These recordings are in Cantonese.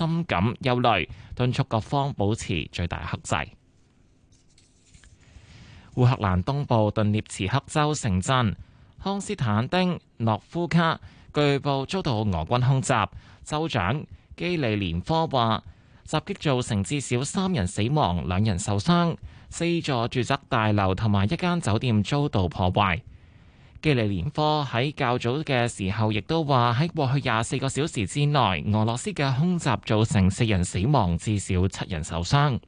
深感憂慮，敦促各方保持最大克制。烏克蘭東部頓涅茨克州城鎮康斯坦丁諾夫卡據報遭到俄軍空襲，州長基里連科話襲擊造成至少三人死亡，兩人受傷，四座住宅大樓同埋一間酒店遭到破壞。基里連科喺較早嘅時候亦都話喺過去廿四個小時之內，俄羅斯嘅空襲造成四人死亡，至少七人受傷。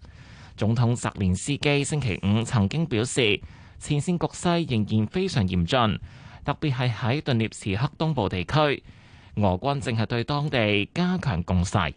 總統澤連斯基星，星期五曾經表示，前線局勢仍然非常嚴峻，特別係喺頓涅茨克東部地區，俄軍正係對當地加強攻勢。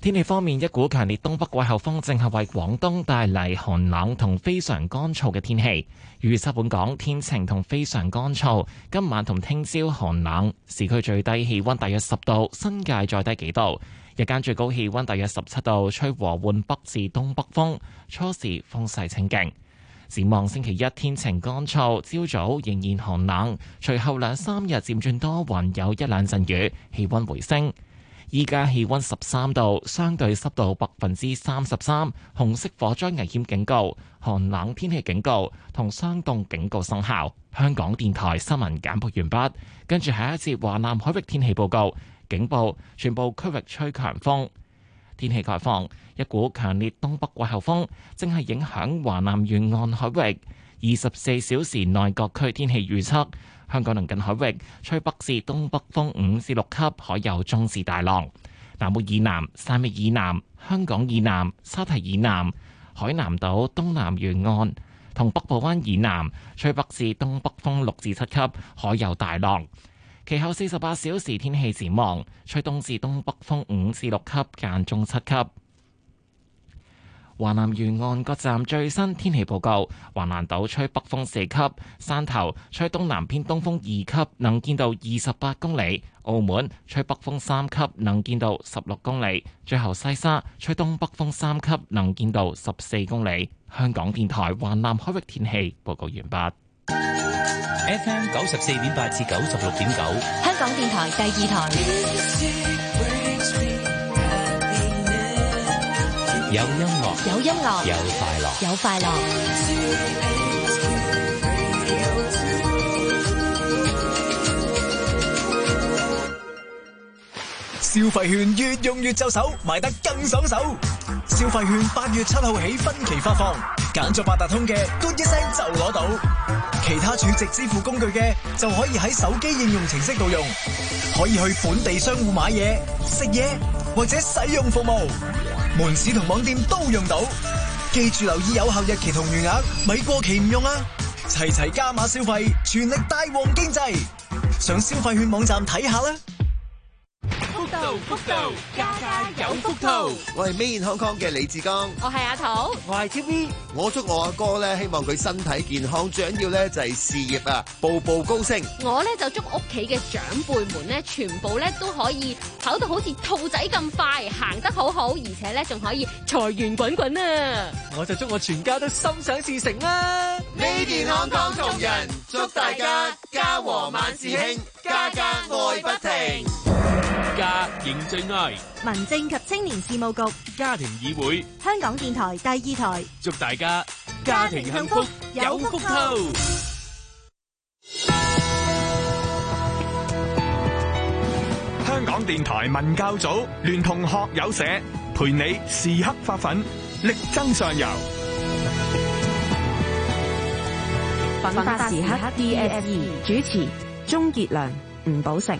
天氣方面，一股強烈東北季候風正係為廣東帶嚟寒冷同非常乾燥嘅天氣。預測本港天晴同非常乾燥，今晚同聽朝寒冷，市區最低氣温大約十度，新界再低幾度。日間最高氣温大約十七度，吹和緩北至東北風，初時風勢清勁。展望星期一天晴乾燥，朝早仍然寒冷，隨後兩三日漸轉多雲有一兩陣雨，氣温回升。依家氣溫十三度，相對濕度百分之三十三，紅色火災危險警告、寒冷天氣警告同霜凍警告生效。香港電台新聞簡報完畢，跟住下一節華南海域天氣報告，警報全部區域吹強風，天氣概況：一股強烈東北季候風正係影響華南沿岸海域。二十四小時內各區天氣預測。香港鄰近海域吹北至東北風五至六級，海有中至大浪。南澳以南、汕尾以南、香港以南、沙堤以南、海南島東南沿岸同北部灣以南吹北至東北風六至七級，海有大浪。其後四十八小時天氣展望，吹東至東北風五至六級間中七級。華南沿岸各站最新天氣報告：華南島吹北風四級，山頭吹東南偏東風二級，能見度二十八公里；澳門吹北風三級，能見度十六公里；最後西沙吹東北風三級，能見度十四公里。香港電台華南海域天氣報告完畢。FM 九十四點八至九十六點九，香港電台第二台。有音樂，有音樂，有快樂，有快樂。消費券越用越就手，買得更爽手。消費券八月七號起分期發放，揀咗八達通嘅，嘟一聲就攞到；其他儲值支付工具嘅，就可以喺手機應用程式度用，可以去本地商戶買嘢、食嘢或者使用服務。門市同網店都用到，記住留意有效日期同餘額，咪過期唔用啊！齊齊加碼消費，全力帶旺經濟，上消費券網站睇下啦！福到家家有福兔，我係美健康康嘅李志剛，我係阿桃，我係 TV，我祝我阿哥咧，希望佢身體健康，最緊要咧就係事業啊步步高升。我咧就祝屋企嘅長輩們咧，全部咧都可以跑到好似兔仔咁快，行得好好，而且咧仲可以財源滾滾啊！我就祝我全家都心想事成啦！美健康康同人祝大家家和萬事興，家家愛不停。家庭最愛，民政及青年事務局家庭議會，香港電台第二台，祝大家家庭幸福有福頭。香港電台文教組聯同學友社，陪你時刻發奮，力爭上游。奮發時刻 DSE 主持鍾傑良、吳寶成。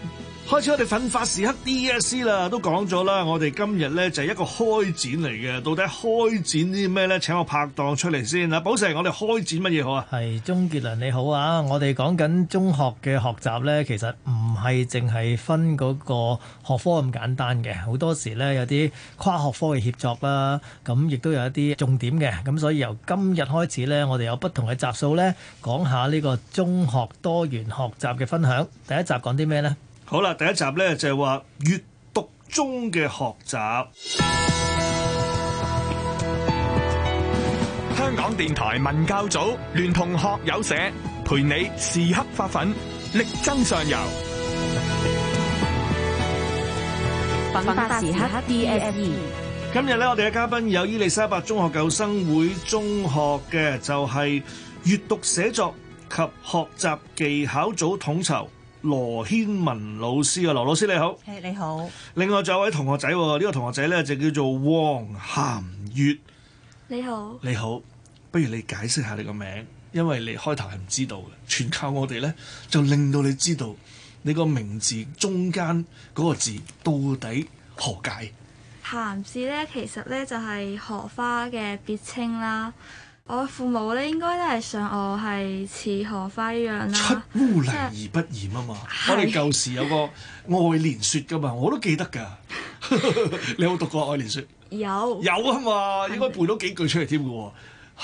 開始，我哋奮發時刻 DSC 啦，都講咗啦。我哋今日呢就係一個開展嚟嘅，到底開展啲咩呢？請我拍檔出嚟先啊，寶石，我哋開展乜嘢好啊？係鐘傑良你好啊！我哋講緊中學嘅學習呢，其實唔係淨係分嗰個學科咁簡單嘅，好多時呢有啲跨學科嘅協作啦，咁亦都有一啲重點嘅。咁所以由今日開始呢，我哋有不同嘅集數呢，講下呢個中學多元學習嘅分享。第一集講啲咩呢？好啦，第一集咧，就係話閱讀中嘅學習。香港電台文教組聯同學友社陪你時刻發奮，力爭上游。品牌時刻 DME。今日咧，我哋嘅嘉賓有伊利沙伯中學舊生會中學嘅，就係閱讀寫作及學習技巧組統籌。羅騫雯老師啊，羅老師你好，係、hey，你好。另外仲有位同學仔呢、這個同學仔呢就叫做王菡月，你好，你好。不如你解釋下你個名，因為你開頭係唔知道嘅，全靠我哋呢，就令到你知道你個名字中間嗰個字到底何解？菡字呢，其實呢就係、是、荷花嘅別稱啦。我父母咧應該都係想我係似荷花一樣啦。出污泥而不染啊嘛！就是、我哋舊時有個《愛蓮説》噶嘛，我都記得㗎。 你有冇讀過連說《愛蓮説》？有有啊嘛，應該背到幾句出嚟添嘅喎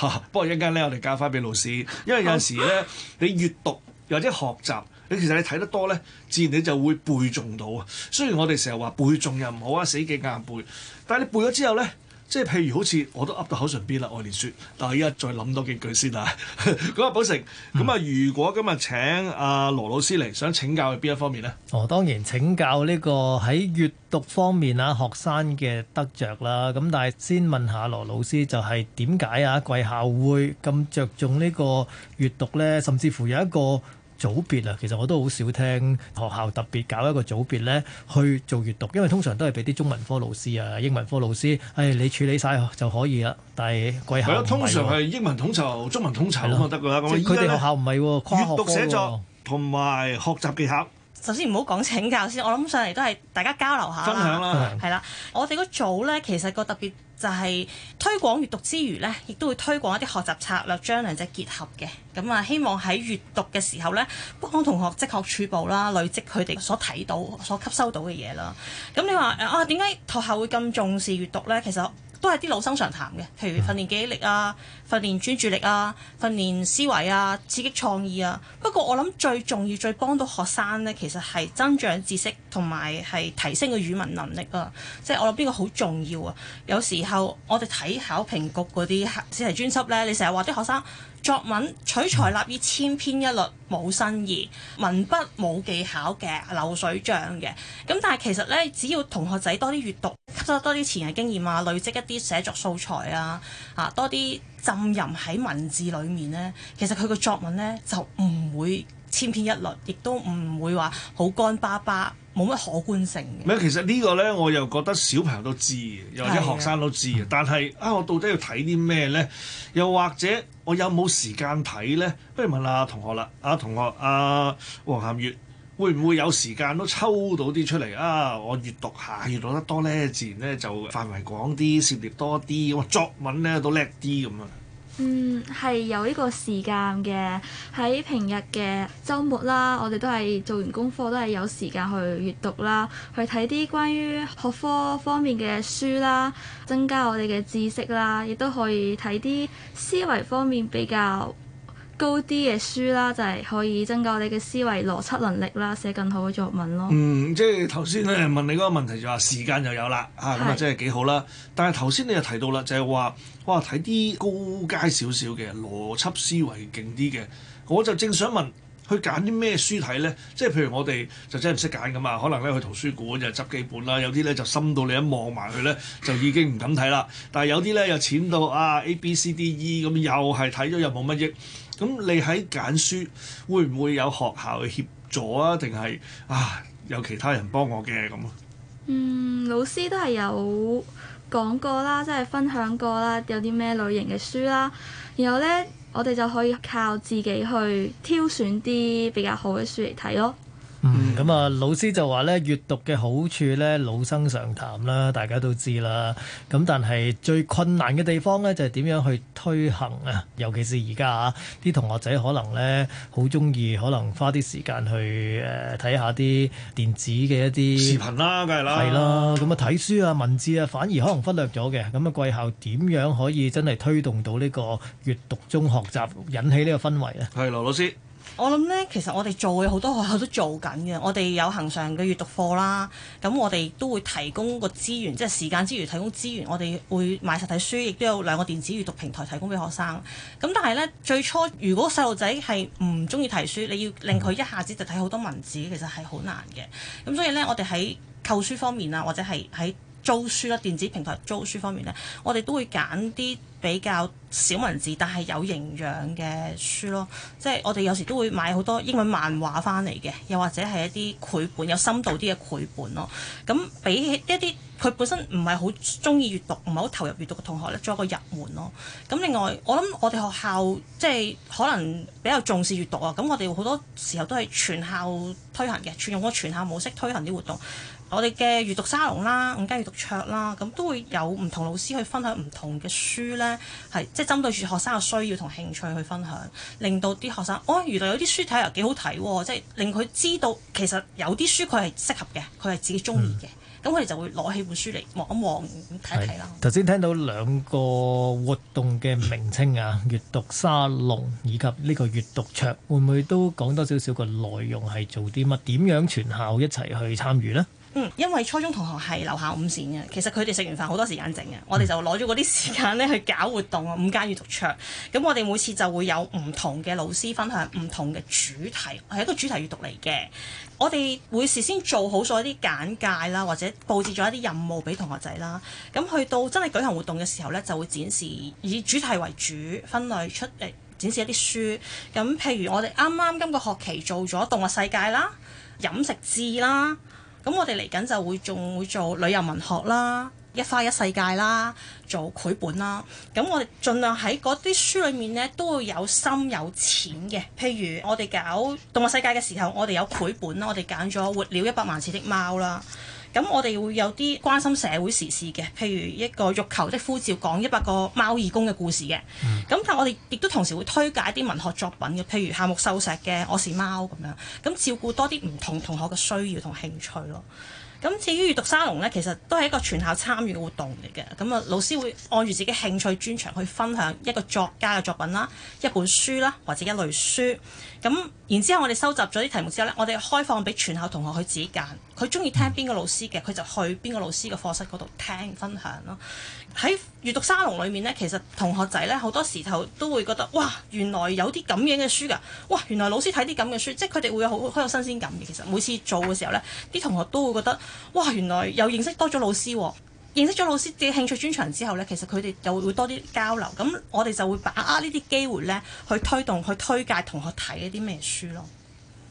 嚇。不過一間陣間咧，我哋交返俾老師，因為有陣時咧， 你閲讀或者學習，你其實你睇得多咧，自然你就會背誦到。雖然我哋成日話背誦又唔好啊，死記硬背，但係你背咗之後咧。即係譬如好似我都噏到口唇邊啦，我連説，但係依家再諗多幾句先啦。咁 啊、嗯，寶成，咁啊，如果今日請阿羅老師嚟，想請教係邊一方面呢？哦，當然請教呢、呢個喺閱讀方面啊，學生嘅得着啦。咁、啊、但係先問下羅老師、就係，就係點解啊？貴校會咁着重呢個閱讀咧，甚至乎有一個。組別啊，其實我都好少聽學校特別搞一個組別咧去做閱讀，因為通常都係俾啲中文科老師啊、英文科老師，誒、哎、你處理晒就可以啦。但係貴校唔係。係通常係英文統籌、中文統籌咁得噶啦。咁佢哋學校唔係跨學科喎。閱讀寫作同埋學習技巧。首先唔好講請教先，我諗上嚟都係大家交流下啦，係啦、啊。我哋個組咧，其實個特別就係推廣閱讀之餘呢，亦都會推廣一啲學習策略，將兩者結合嘅。咁、嗯、啊，希望喺閱讀嘅時候呢，北幫同學即刻儲保啦，累積佢哋所睇到、所吸收到嘅嘢啦。咁你話啊，點解學校會咁重視閱讀呢？其實。都係啲老生常談嘅，譬如訓練記憶力啊、訓練專注力啊、訓練思維啊、刺激創意啊。不過我諗最重要、最幫到學生呢，其實係增長知識同埋係提升個語文能力啊。即係我諗呢個好重要啊。有時候我哋睇考評局嗰啲試題專輯呢，你成日話啲學生。作文取材立意，千篇一律，冇新意，文筆冇技巧嘅流水賬嘅。咁但係其實呢，只要同學仔多啲閱讀，吸收多啲前人經驗啊，累積一啲寫作素材啊，多啲浸淫喺文字裏面呢，其實佢個作文呢，就唔會千篇一律，亦都唔會話好乾巴巴。冇乜可觀性嘅。其實呢個呢，我又覺得小朋友都知又或者學生都知嘅。的但係啊，我到底要睇啲咩呢？又或者我有冇時間睇呢？不如問下、啊、同學啦，阿、啊、同學，阿、啊、王菡月會唔會有時間都抽到啲出嚟啊？我閲讀下，閲讀得多呢，自然呢就範圍廣啲，涉獵多啲，咁作文呢都叻啲咁啊。嗯，係有呢個時間嘅。喺平日嘅周末啦，我哋都係做完功課，都係有時間去閱讀啦，去睇啲關於學科方面嘅書啦，增加我哋嘅知識啦，亦都可以睇啲思維方面比較高啲嘅書啦，就係可以增加你嘅思維邏輯能力啦，寫更好嘅作文咯。嗯，即係頭先咧問你嗰個問題就話時間就有啦嚇，咁啊就真係幾好啦。但係頭先你又提到啦，就係話哇睇啲高階少少嘅邏輯思維勁啲嘅，我就正想問去揀啲咩書睇呢？即係譬如我哋就真係唔識揀噶嘛，可能咧去圖書館就係執幾本啦，有啲咧就深到你一望埋佢咧就已經唔敢睇啦。但係有啲咧又淺到啊 A B C D E 咁又係睇咗又冇乜益。咁你喺揀書會唔會有學校嘅協助啊？定係啊有其他人幫我嘅咁啊？嗯，老師都係有講過啦，即係分享過啦，有啲咩類型嘅書啦。然後咧，我哋就可以靠自己去挑選啲比較好嘅書嚟睇咯。嗯，咁啊、嗯，老師就話咧，閱讀嘅好處咧老生常談啦，大家都知啦。咁但係最困難嘅地方咧，就係、是、點樣去推行啊？尤其是而家啊，啲同學仔可能咧好鍾意，可能花啲時間去誒睇、呃、下啲電子嘅一啲視頻啦，梗係啦，係啦。咁啊，睇書啊，文字啊，反而可能忽略咗嘅。咁啊，貴校點樣可以真係推動到呢個閱讀中學習，引起呢個氛圍咧？係羅老師。我諗呢，其實我哋做嘅好多學校都做緊嘅。我哋有恆常嘅閱讀課啦，咁我哋都會提供個資源，即係時間之餘提供資源。我哋會買實體書，亦都有兩個電子閱讀平台提供俾學生。咁但係呢，最初如果細路仔係唔中意睇書，你要令佢一下子就睇好多文字，其實係好難嘅。咁所以呢，我哋喺購書方面啊，或者係喺租書啦、電子平台租書方面呢，我哋都會揀啲。比較少文字但係有營養嘅書咯，即係我哋有時都會買好多英文漫畫翻嚟嘅，又或者係一啲繪本有深度啲嘅繪本咯。咁、嗯、比起一啲佢本身唔係好中意閱讀、唔係好投入閱讀嘅同學咧，仲有一個入門咯。咁、嗯、另外，我諗我哋學校即係可能比較重視閱讀啊。咁、嗯、我哋好多時候都係全校推行嘅，全用個全校模式推行啲活動。我哋嘅閱讀沙龍啦，午間閱讀桌啦，咁都會有唔同老師去分享唔同嘅書咧，係即係針對住學生嘅需要同興趣去分享，令到啲學生哦原來有啲書睇又幾好睇喎，即係令佢知道其實有啲書佢係適合嘅，佢係自己中意嘅。咁佢哋就會攞起本書嚟望一望睇一睇啦。頭先聽到兩個活動嘅名稱啊， 閱讀沙龍以及呢個閱讀桌，會唔會都講多少少個內容係做啲乜？點樣全校一齊去參與呢？嗯，因為初中同學係樓下午膳嘅，其實佢哋食完飯好多時間整嘅。我哋就攞咗嗰啲時間咧去搞活動，午間閲讀桌咁。我哋每次就會有唔同嘅老師分享唔同嘅主題，係一個主題閲讀嚟嘅。我哋會事先做好咗一啲簡介啦，或者佈置咗一啲任務俾同學仔啦。咁去到真係舉行活動嘅時候咧，就會展示以主題為主，分類出嚟、呃、展示一啲書咁。譬如我哋啱啱今個學期做咗動物世界啦、飲食志啦。咁我哋嚟緊就會仲會做旅遊文學啦，一花一世界啦，做繪本啦。咁我哋盡量喺嗰啲書裏面呢，都會有深有淺嘅。譬如我哋搞動物世界嘅時候，我哋有繪本啦，我哋揀咗活了一百萬次的貓啦。咁我哋會有啲關心社會時事嘅，譬如一個欲求的呼召，講一百個貓義工嘅故事嘅。咁、嗯、但我哋亦都同時會推介一啲文學作品嘅，譬如夏目秀石夏目漱石嘅《我是貓》咁樣。咁照顧多啲唔同同學嘅需要同興趣咯。咁至於閲讀沙龍咧，其實都係一個全校參與嘅活動嚟嘅。咁啊，老師會按住自己興趣專長去分享一個作家嘅作品啦，一本書啦，或者一類書。咁然之後，我哋收集咗啲題目之後咧，我哋開放俾全校同學去自己揀，佢中意聽邊個老師嘅，佢就去邊個老師嘅課室嗰度聽分享咯。喺閲讀沙龍裏面咧，其實同學仔咧好多時頭都會覺得哇，原來有啲咁樣嘅書㗎，哇，原來老師睇啲咁嘅書，即係佢哋會有好好有新鮮感嘅。其實每次做嘅時候咧，啲同學都會覺得哇，原來又認識多咗老師，哦，認識咗老師嘅興趣專長之後咧，其實佢哋又會多啲交流。咁我哋就會把握呢啲機會咧，去推動去推介同學睇一啲咩書咯。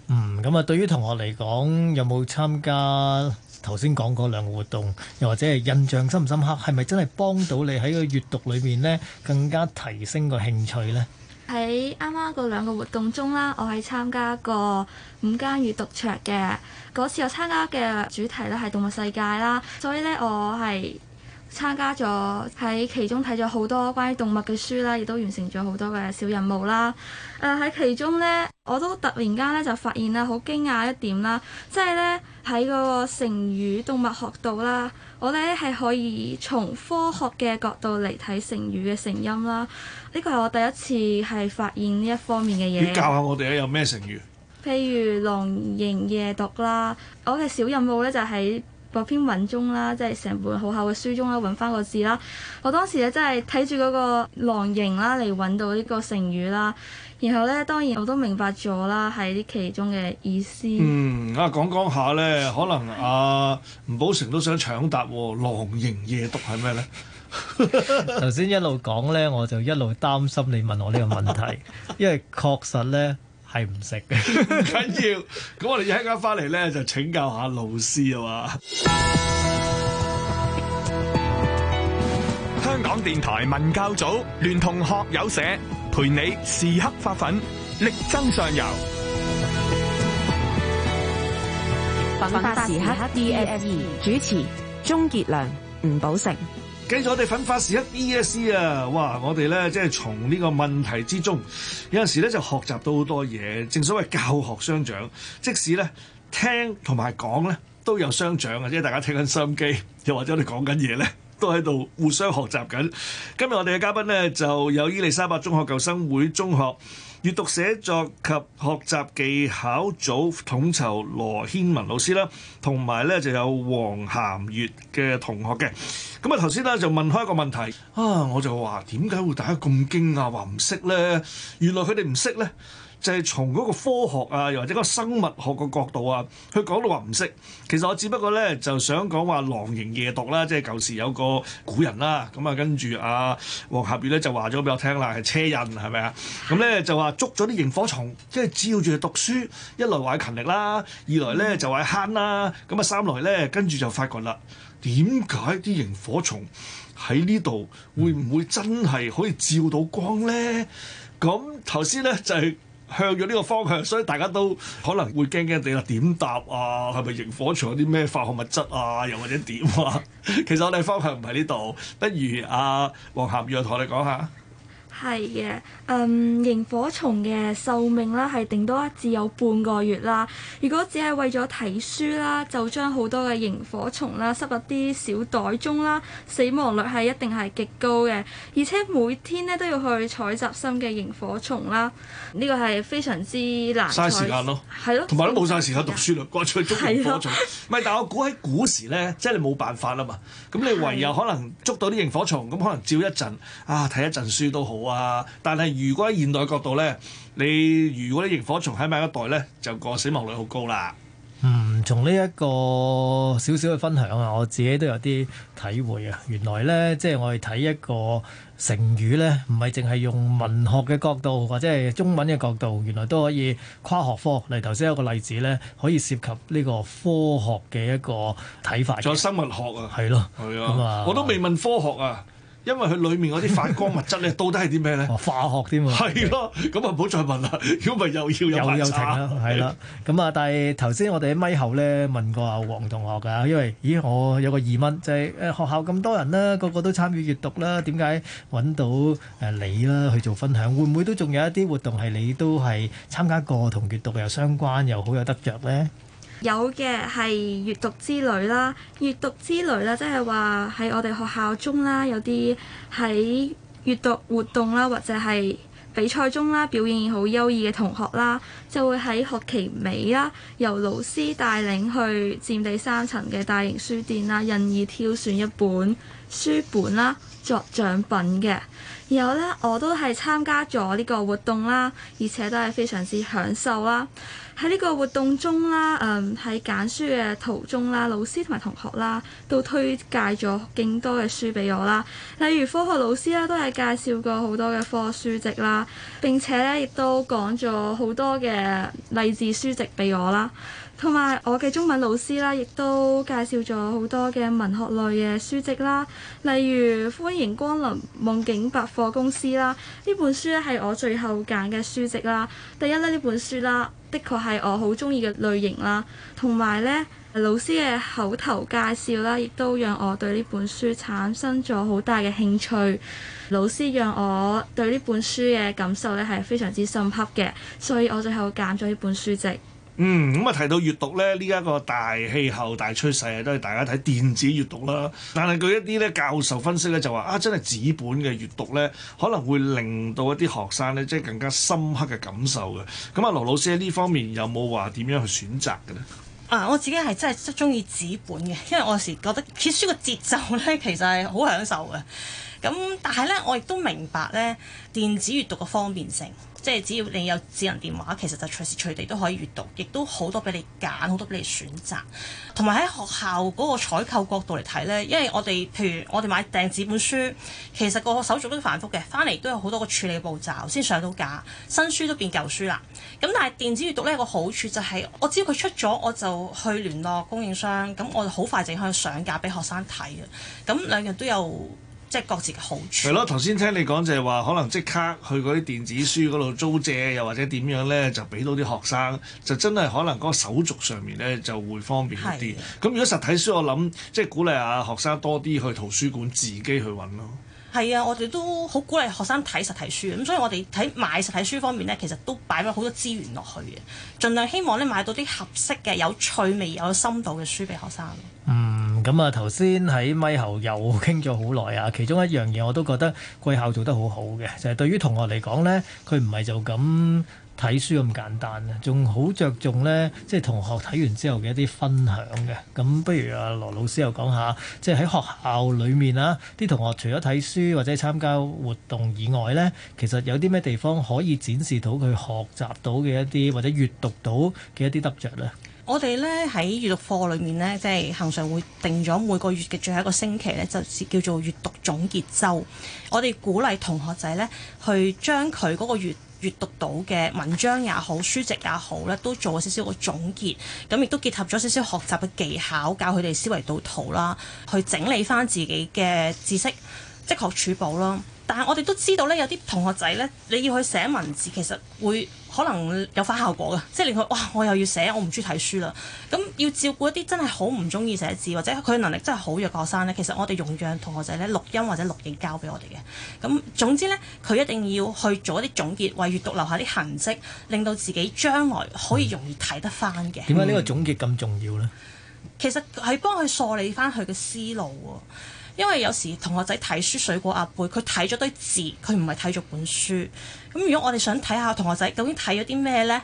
嗯，咁啊，對於同學嚟講，有冇參加頭先講嗰兩個活動，又或者係印象深唔深刻？係咪真係幫到你喺個閱讀裏面呢更加提升個興趣呢？喺啱啱嗰兩個活動中啦，我係參加過五間閱讀桌嘅嗰次，我參加嘅主題咧係動物世界啦，所以呢，我係參加咗喺其中睇咗好多關於動物嘅書啦，亦都完成咗好多嘅小任務啦。誒、呃、喺其中呢。我都突然間咧就發現啦，好驚訝一點啦，即係咧喺嗰個成語動物學度啦，我哋咧係可以從科學嘅角度嚟睇成語嘅成因啦，呢個係我第一次係發現呢一方面嘅嘢。你教下我哋啊，有咩成語？譬如囊螢夜讀啦，我嘅小任務咧就喺。個篇文中啦，即係成本好厚嘅書中啦，揾返個字啦。我當時咧真係睇住嗰個狼形啦嚟揾到呢個成語啦。然後呢，當然我都明白咗啦，係啲其中嘅意思。嗯，啊講講下呢，可能啊，吳寶成都想搶答喎。狼形夜讀係咩呢？頭 先一路講呢，我就一路擔心你問我呢個問題，因為確實呢。係唔食嘅，唔緊 要。咁我哋一陣間翻嚟咧，就請教下老師啊嘛。香港電台文教組聯同學友社，陪你時刻發奮，力爭上游。奮發時刻 DSE 主持：鍾杰良、吳寶成。畀咗我哋奮發時刻 ESC 啊！SC，哇，我哋咧即係從呢個問題之中，有陣時咧就學習到好多嘢。正所謂教學相長，即使咧聽同埋講咧都有相長啊！即係大家聽緊收音機，又或者我哋講緊嘢咧。都喺度互相學習緊。今日我哋嘅嘉賓呢，就有伊利沙伯中學舊生會中學閱讀寫作及學習技巧組統籌羅騫雯老師啦，同埋呢就有王菡月嘅同學嘅。咁啊，頭先呢，就問開一個問題啊，我就話點解會大家咁驚訝？話唔識呢？原來佢哋唔識呢。就係從嗰個科學啊，又或者嗰個生物學個角度啊，佢講到話唔識。其實我只不過咧就想講話囊螢夜讀啦，即係舊時有個古人啦。咁啊，嗯、跟住啊王菡月咧就話咗俾我聽啦，係車胤係咪啊？咁咧就話、嗯嗯嗯、捉咗啲螢火蟲，即係照住讀書。一來話佢勤力啦，二來咧就話佢慳啦。咁、嗯、啊、嗯、三來咧，跟住就發覺啦，點解啲螢火蟲喺呢度會唔會真係可以照到光咧？咁頭先咧就係、係就。係向咗呢個方向，所以大家都可能會驚驚地啦。點答啊？係咪螢火蟲有啲咩化學物質啊？又或者點啊？ 其實我哋方向唔係呢度，不如阿王菡月同我哋講下。係嘅，嗯，螢火蟲嘅壽命啦係定多一至有半個月啦。如果只係為咗睇書啦，就將好多嘅螢火蟲啦塞入啲小袋中啦，死亡率係一定係極高嘅。而且每天咧都要去採集新嘅螢火蟲啦，呢個係非常之難。嘥時間咯，係咯，同埋都冇曬時間讀書啦，掛出去捉螢火蟲。咪係嘅。但我估喺古時咧，即係你冇辦法啦嘛。咁你唯有可能捉到啲螢火蟲，咁可能照一陣啊，睇一陣書都好。啊！但係如果喺現代角度咧，你如果啲螢火蟲喺埋一袋咧，就個死亡率好高啦。嗯，從呢一個少少嘅分享啊，我自己都有啲體會啊。原來咧，即係我哋睇一個成語咧，唔係淨係用文學嘅角度或者係中文嘅角度，原來都可以跨學科。例如頭先有個例子咧，可以涉及呢個科學嘅一個睇法。仲有生物學啊，係咯，係啊，嗯、我都未問科學啊。因為佢裏面嗰啲反光物質咧，到底係啲咩咧？ 化學添喎，係咯，咁啊，唔好的 再問啦，如果咪又要有麻煩啦，係啦，咁啊的，的但係頭先我哋喺咪後咧問過阿黃同學㗎，因為咦，我有個疑問就係、是、誒學校咁多人啦，個個都參與閱讀啦，點解揾到誒你啦去做分享？會唔會都仲有一啲活動係你都係參加過同閱讀又相關又好有得着咧？有嘅係閱讀之旅啦，閱讀之旅啦，即係話喺我哋學校中啦，有啲喺閱讀活動啦，或者係比賽中啦，表現好優異嘅同學啦，就會喺學期尾啦，由老師帶領去佔地三層嘅大型書店啦，任意挑選一本書本啦作獎品嘅。然後呢，我都係參加咗呢個活動啦，而且都係非常之享受啦。喺呢個活動中啦，嗯，喺揀書嘅途中啦，老師同埋同學啦，都推介咗勁多嘅書俾我啦。例如科學老師啦，都係介紹過好多嘅科學書籍啦。並且咧，亦都講咗好多嘅勵志書籍俾我啦。同埋我嘅中文老師啦，亦都介紹咗好多嘅文學類嘅書籍啦。例如歡迎光臨夢境百貨公司啦。呢本書咧係我最後揀嘅書籍啦。第一咧呢本書啦。的確係我好中意嘅類型啦，同埋呢老師嘅口頭介紹啦，亦都讓我對呢本書產生咗好大嘅興趣。老師讓我對呢本書嘅感受呢係非常之深刻嘅，所以我最後揀咗呢本書籍。嗯，咁啊提到閱讀咧，呢、這、一個大氣候大趨勢，啊，都係大家睇電子閱讀啦。但係，據一啲咧教授分析咧就話啊，真係紙本嘅閱讀咧，可能會令到一啲學生咧，即係更加深刻嘅感受嘅。咁、嗯、啊，羅老師喺呢方面有冇話點樣去選擇嘅咧？啊，我自己係真係中意紙本嘅，因為我有時覺得揭書個節奏咧，其實係好享受嘅。咁但係咧，我亦都明白咧，電子閱讀嘅方便性。即係只要你有智能電話，其實就隨時隨地都可以閲讀，亦都好多俾你揀，好多俾你選擇。同埋喺學校嗰個採購角度嚟睇呢，因為我哋譬如我哋買訂紙本書，其實個手續都繁複嘅，翻嚟都有好多個處理步驟先上到架，新書都變舊書啦。咁但係電子閲讀呢個好處就係，我只要佢出咗，我就去聯絡供應商，咁我就好快就已經可以上架俾學生睇嘅。咁兩樣都有。即係各自嘅好處。係咯，頭先聽你講就係話，可能即刻去嗰啲電子書嗰度租借，又或者點樣咧，就俾到啲學生，就真係可能嗰個手續上面咧就會方便啲。咁的如果實體書，我諗即係鼓勵下學生多啲去圖書館自己去揾咯。係啊，我哋都好鼓勵學生睇實體書，咁，所以我哋喺買實體書方面咧，其實都擺咗好多資源落去嘅，盡量希望咧買到啲合適嘅、有趣味、有深度嘅書俾學生。嗯。咁啊，頭先喺咪後又傾咗好耐啊，其中一樣嘢我都覺得貴校做得好好嘅，就係對於同學嚟講呢，佢唔係就咁睇書咁簡單啊，仲好着重呢，即係同學睇完之後嘅一啲分享嘅。咁不如啊，羅老師又講下，即係喺學校裡面啊，啲同學除咗睇書或者參加活動以外呢，其實有啲咩地方可以展示到佢學習到嘅一啲或者閲讀到嘅一啲得着呢？我哋咧喺閱讀課裏面呢，即係恒常會定咗每個月嘅最後一個星期呢，就叫做閱讀總結周。我哋鼓勵同學仔呢，去將佢嗰個閲閱讀到嘅文章也好、書籍也好呢，都做咗少少個總結。咁亦都結合咗少少學習嘅技巧，教佢哋思維導圖啦，去整理翻自己嘅知識。即學儲寶咯，但係我哋都知道咧，有啲同學仔咧，你要去寫文字，其實會可能有反效果嘅，即係令佢哇，我又要寫，我唔中意睇書啦。咁要照顧一啲真係好唔中意寫字或者佢能力真係好弱嘅學生咧，其實我哋容讓同學仔咧錄音或者錄影交俾我哋嘅。咁總之咧，佢一定要去做一啲總結，為閱讀留下啲痕跡，令到自己將來可以容易睇得翻嘅。點解呢個總結咁重要咧？其實係幫佢梳理翻佢嘅思路喎。因為有時同學仔睇書水過鴨背，佢睇咗堆字，佢唔係睇咗本書。咁如果我哋想睇下同學仔究竟睇咗啲咩呢？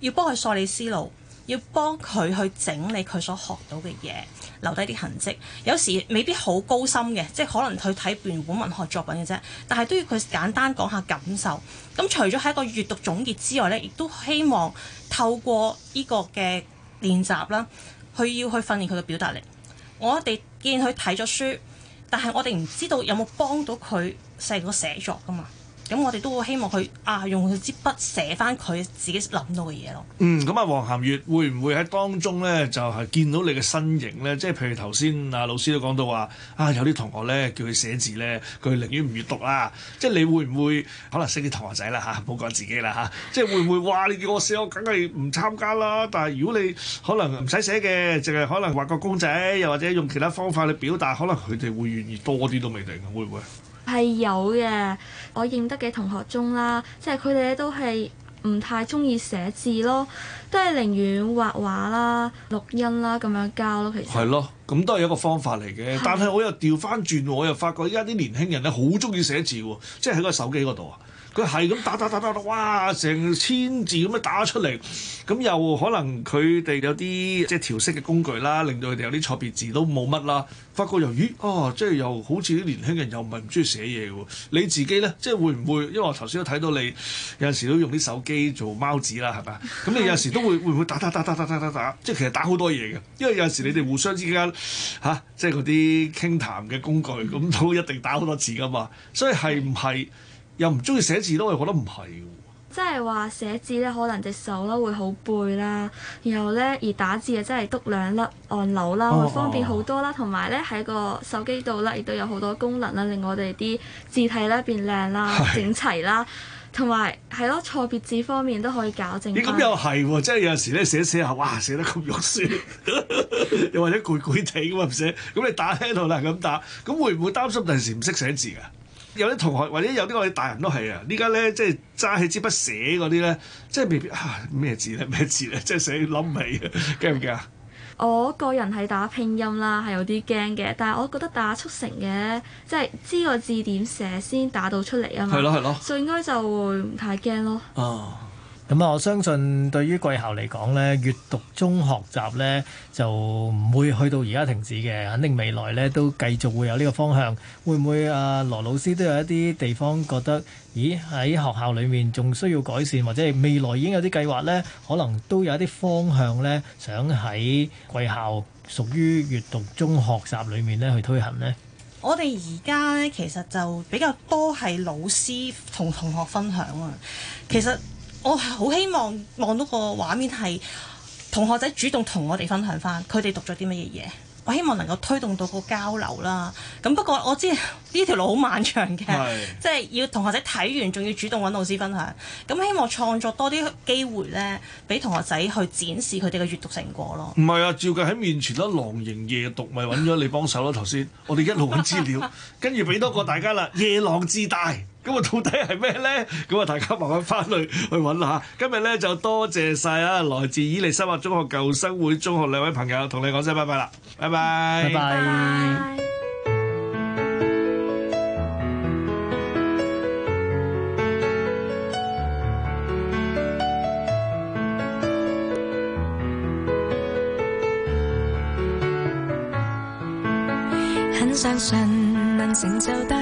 要幫佢梳理思路，要幫佢去整理佢所學到嘅嘢，留低啲痕跡。有時未必好高深嘅，即係可能佢睇完本文學作品嘅啫，但係都要佢簡單講下感受。咁除咗喺一個閱讀總結之外呢，亦都希望透過呢個嘅練習啦，佢要去訓練佢嘅表達力。我哋見佢睇咗書。但係我哋唔知道有冇幫到佢細個寫作噶嘛？咁我哋都會希望佢啊用佢支筆寫翻佢自己諗到嘅嘢咯。嗯，咁啊，王菡月會唔會喺當中咧就係、是、見到你嘅身形咧？即係譬如頭先啊老師都講到話啊，有啲同學咧叫佢寫字咧，佢寧願唔閲讀啦、啊。即係你會唔會可能識啲同學仔啦嚇，冇、啊、講自己啦吓、啊。即係會唔會話你叫我寫，我梗係唔參加啦？但係如果你可能唔使寫嘅，淨係可能畫個公仔，又或者用其他方法嚟表達，可能佢哋會願意多啲都未定嘅，會唔會？係有嘅，我認得嘅同學中啦，即係佢哋咧都係唔太中意寫字咯，都係寧願畫畫啦、錄音啦咁樣交咯，其實係咯，咁都係一個方法嚟嘅。的但係我又調翻轉，我又發覺而家啲年輕人咧好中意寫字喎，即係喺個手機嗰度啊。佢係咁打打打打打，哇！成千字咁樣打出嚟，咁又可能佢哋有啲即係調色嘅工具啦，令到佢哋有啲錯別字都冇乜啦，發覺由咦，哦，即係又好似啲年輕人又唔係唔中意寫嘢喎。你自己呢，即係會唔會？因為我頭先都睇到你有陣時都用啲手機做貓紙啦，係咪啊？咁 你有時都會會唔會打打打打打打打，打？即係其實打好多嘢嘅。因為有陣時你哋互相之間吓、啊，即係嗰啲傾談嘅工具，咁都一定打好多字噶嘛。所以係唔係？又唔中意寫字咯，我又覺得唔係喎。即係話寫字咧，可能隻手咧會好背啦，然後咧而打字啊，真係篤兩粒按鈕啦，會方便好多啦。同埋咧喺個手機度啦，亦都有好多功能啦，令我哋啲字體咧變靚啦、整齊啦，同埋係咯錯別字方面都可以搞正。咦？咁又係喎，即係有時咧寫寫下，哇，寫得咁肉酸，又或者攰攰地咁啊唔寫。咁你打喺度啦咁打，咁會唔會擔心第時唔識寫字㗎？有啲同學，或者有啲我哋大人都係啊！依家咧即係揸起支筆寫嗰啲咧，即係未必啊咩字咧咩字咧，即係寫到冧尾嘅，驚唔驚啊？我個人係打拼音啦，係有啲驚嘅，但係我覺得打速成嘅，即係知個字點寫先打到出嚟啊嘛。係咯係咯，所以應該就會唔太驚咯。啊！Oh. 咁啊、嗯！我相信對於貴校嚟講咧，閱讀中學習咧就唔會去到而家停止嘅，肯定未來咧都繼續會有呢個方向。會唔會啊？羅老師都有一啲地方覺得，咦？喺學校裡面仲需要改善，或者未來已經有啲計劃咧，可能都有一啲方向咧，想喺貴校屬於閱讀中學習裡面咧去推行呢？我哋而家咧其實就比較多係老師同同學分享啊，其實。嗯我好希望望到個畫面係同學仔主動同我哋分享翻佢哋讀咗啲乜嘢嘢，我希望能夠推動到個交流啦。咁不過我知呢條路好漫長嘅，即係要同學仔睇完仲要主動揾老師分享。咁希望創作多啲機會呢，俾同學仔去展示佢哋嘅閱讀成果咯。唔係啊，照計喺面前啦，狼營夜讀咪揾咗你幫手咯、啊。頭先我哋一路揾資料，跟住俾多個大家啦，夜狼自大。咁啊，到底係咩咧？咁啊，大家慢慢翻去去揾下。今日咧就多謝曬啊，來自伊利沙伯中學舊生會中學兩位朋友，同你講聲拜拜啦，拜拜，拜拜。很相信能成就得。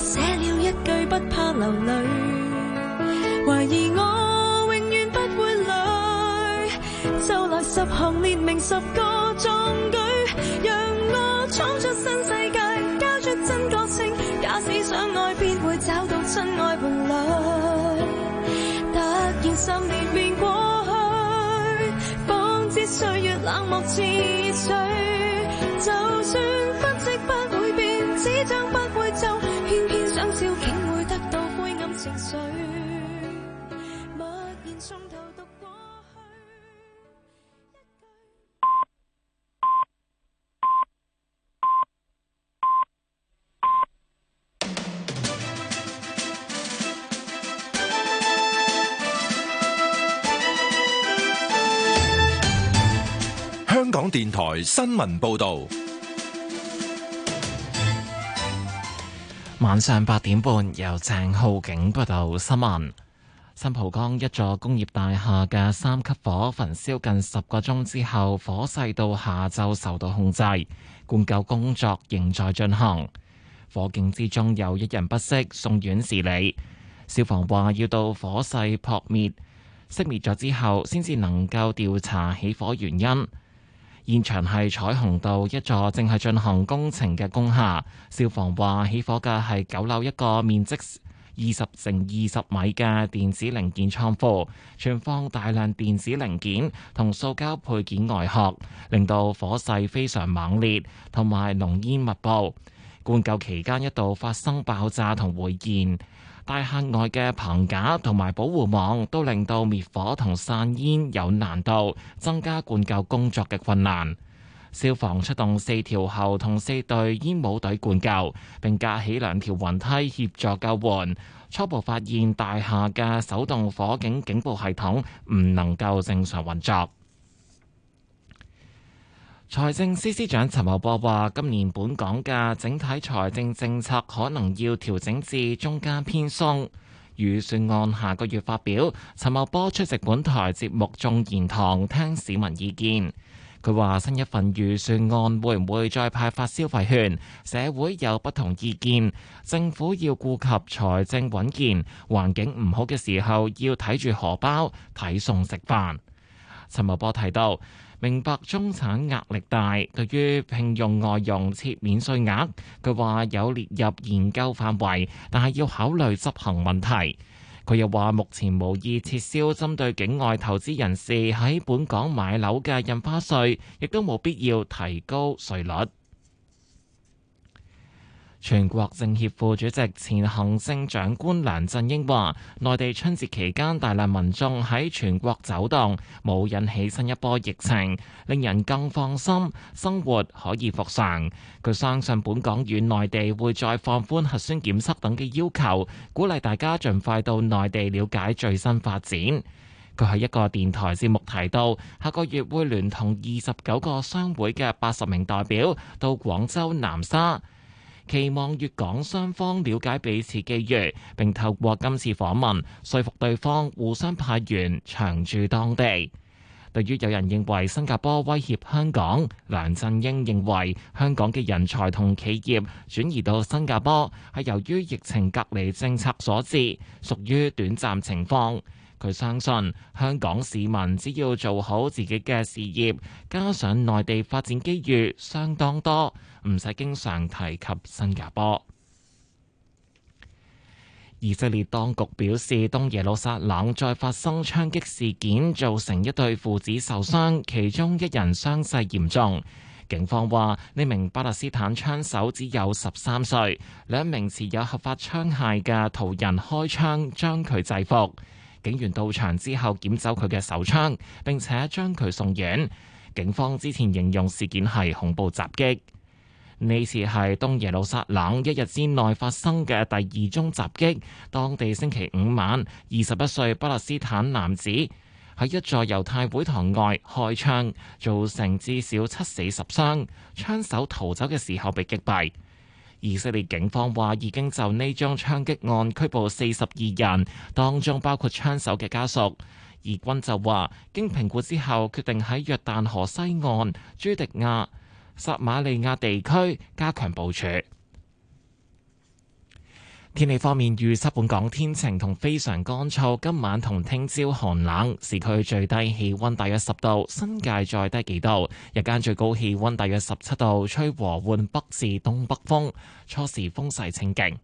寫了一句不怕流淚，懷疑我永遠不會累，就來十行列明十個壯舉，讓我闖出新世界，交出真覺性。假使相愛，便會找到真愛伴侶。突然十年便過去，方知歲月冷漠似水。香港電台新聞報道。晚上八點半，由鄭浩景報道新聞。新蒲崗一座工業大廈嘅三級火，焚燒近十個鐘之後，火勢到下晝受到控制，灌救工作仍在進行。火警之中有一人不適，送院治理。消防話要到火勢撲滅熄滅咗之後，先至能夠調查起火原因。現場係彩虹道一座正係進行工程嘅工廈，消防話起火嘅係九樓一個面積二十乘二十米嘅電子零件倉庫，存放大量電子零件同塑膠配件外殼，令到火勢非常猛烈，同埋濃煙密布。灌救期間一度發生爆炸同回燃。大廈外嘅棚架同埋保護網都令到滅火同散煙有難度，增加灌救工作嘅困難。消防出動四條喉同四隊煙霧隊灌救，並架起兩條雲梯協助救援。初步發現大廈嘅手動火警警報系統唔能夠正常運作。財政司司長陳茂波話，今年本港嘅整體財政政策可能要調整至中間偏鬆。預算案下個月發表。陳茂波出席本台節目《眾言堂》，聽市民意見。佢話：新一份預算案會唔會再派發消費券？社會有不同意見，政府要顧及財政穩健。環境唔好嘅時候，要睇住荷包，睇餸食飯。陳茂波提到。明白中產壓力大，對於聘用外傭設免稅額，佢話有列入研究範圍，但係要考慮執行問題。佢又話目前無意撤銷針對境外投資人士喺本港買樓嘅印花稅，亦都冇必要提高稅率。全國政協副主席、前行政長官梁振英話，內地春節期間大量民眾喺全國走動，冇引起新一波疫情，令人更放心，生活可以復常。佢相信本港與內地會再放寬核酸檢測等嘅要求，鼓勵大家盡快到內地了解最新發展。佢喺一個電台節目提到，下個月會聯同二十九個商會嘅八十名代表到廣州南沙。期望粵港雙方了解彼此機遇，並透過今次訪問說服對方互相派員長駐當地。對於有人認為新加坡威脅香港，梁振英認為香港嘅人才同企業轉移到新加坡係由於疫情隔離政策所致，屬於短暫情況。佢相信香港市民只要做好自己嘅事業，加上內地發展機遇相當多，唔使經常提及新加坡。以色列當局表示，東耶路撒冷再發生槍擊事件，造成一對父子受傷，其中一人傷勢嚴重。警方話呢名巴勒斯坦槍手只有十三歲，兩名持有合法槍械嘅途人開槍將佢制服。警員到場之後撿走佢嘅手槍，並且將佢送院。警方之前形容事件係恐怖襲擊，呢次係東耶路撒冷一日之內發生嘅第二宗襲擊。當地星期五晚，二十一歲巴勒斯坦男子喺一座猶太會堂外開槍，造成至少七死十傷，槍手逃走嘅時候被擊斃。以色列警方話已經就呢宗槍擊案拘捕四十二人，當中包括槍手嘅家屬。以軍就話，經評估之後，決定喺約旦河西岸、朱迪亞、撒瑪利亞地區加強部署。天氣方面，預測本港天晴同非常乾燥，今晚同聽朝寒冷，市區最低氣溫大約十度，新界再低幾度，日間最高氣溫大約十七度，吹和緩北至東北風，初時風勢清勁。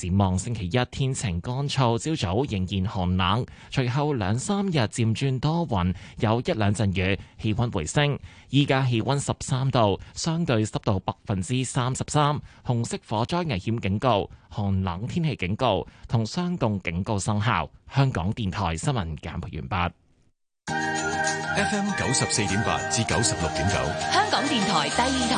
展望星期一天晴乾燥，朝早仍然寒冷，隨後兩三日漸轉多雲，有一兩陣雨，氣溫回升。依家氣溫十三度，相對濕度百分之三十三。紅色火災危險警告、寒冷天氣警告同霜凍警告生效。香港電台新聞簡報完畢。FM 九十四點八至九十六點九，香港電台第二台。